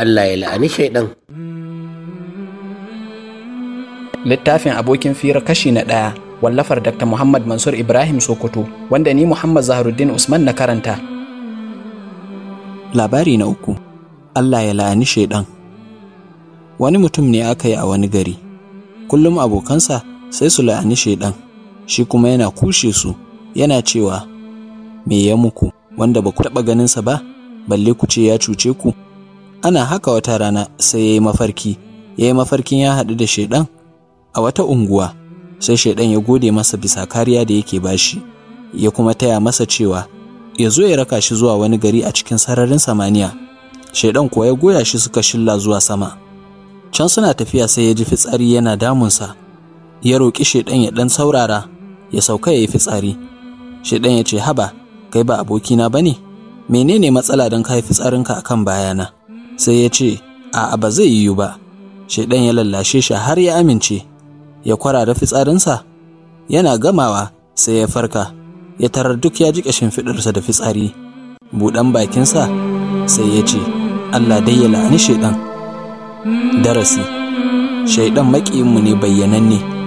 Allah ya la'ani shaidan. Littafin abokin fira kashi na ɗaya wallafar Dr. Muhammad Mansur Ibrahim Sokoto wanda ni Muhammad Zaharuddin Usman na karanta. Labari na uku Allah ya la'ani shaidan. Wani mutum ne aka yi a wani gari, kullum abokansa sai su la'ani shaidan, shi kuma yana kushe su yana cewa, Me ya muku wanda ba ku taɓa ganinsa ba, balle ku ce ya cuce ku. ana haka wata rana sai ya yi mafarki ya yi mafarkin ya haɗu da shaiɗan. a wata unguwa sai shaiɗan ya gode masa bisa kariya da yake bashi ya kuma taya masa cewa ya zo ya raka shi zuwa wani gari a cikin sararin samaniya shaiɗan kuwa ya goya shi suka shilla zuwa sama can suna tafiya sai ya ji fitsari yana damunsa ya roƙi shaiɗan ya ɗan saurara ya sauka ya yi fitsari Shaiɗan ya ce haba kai ba abokina ba ne menene matsala don ka yi fitsarinka akan bayana sai ya ce a'a ba zai yiwu ba shaidan ya lallashe shi har ya amince ya da fitsarinsa yana gamawa sai ya farka ya tarar duk ya ji ƙashin fidarsa da fitsari buɗan bakinsa sai ya ce allah dai ya la'ani shaidan darasi shaidan maƙiyinmu ne bayyananne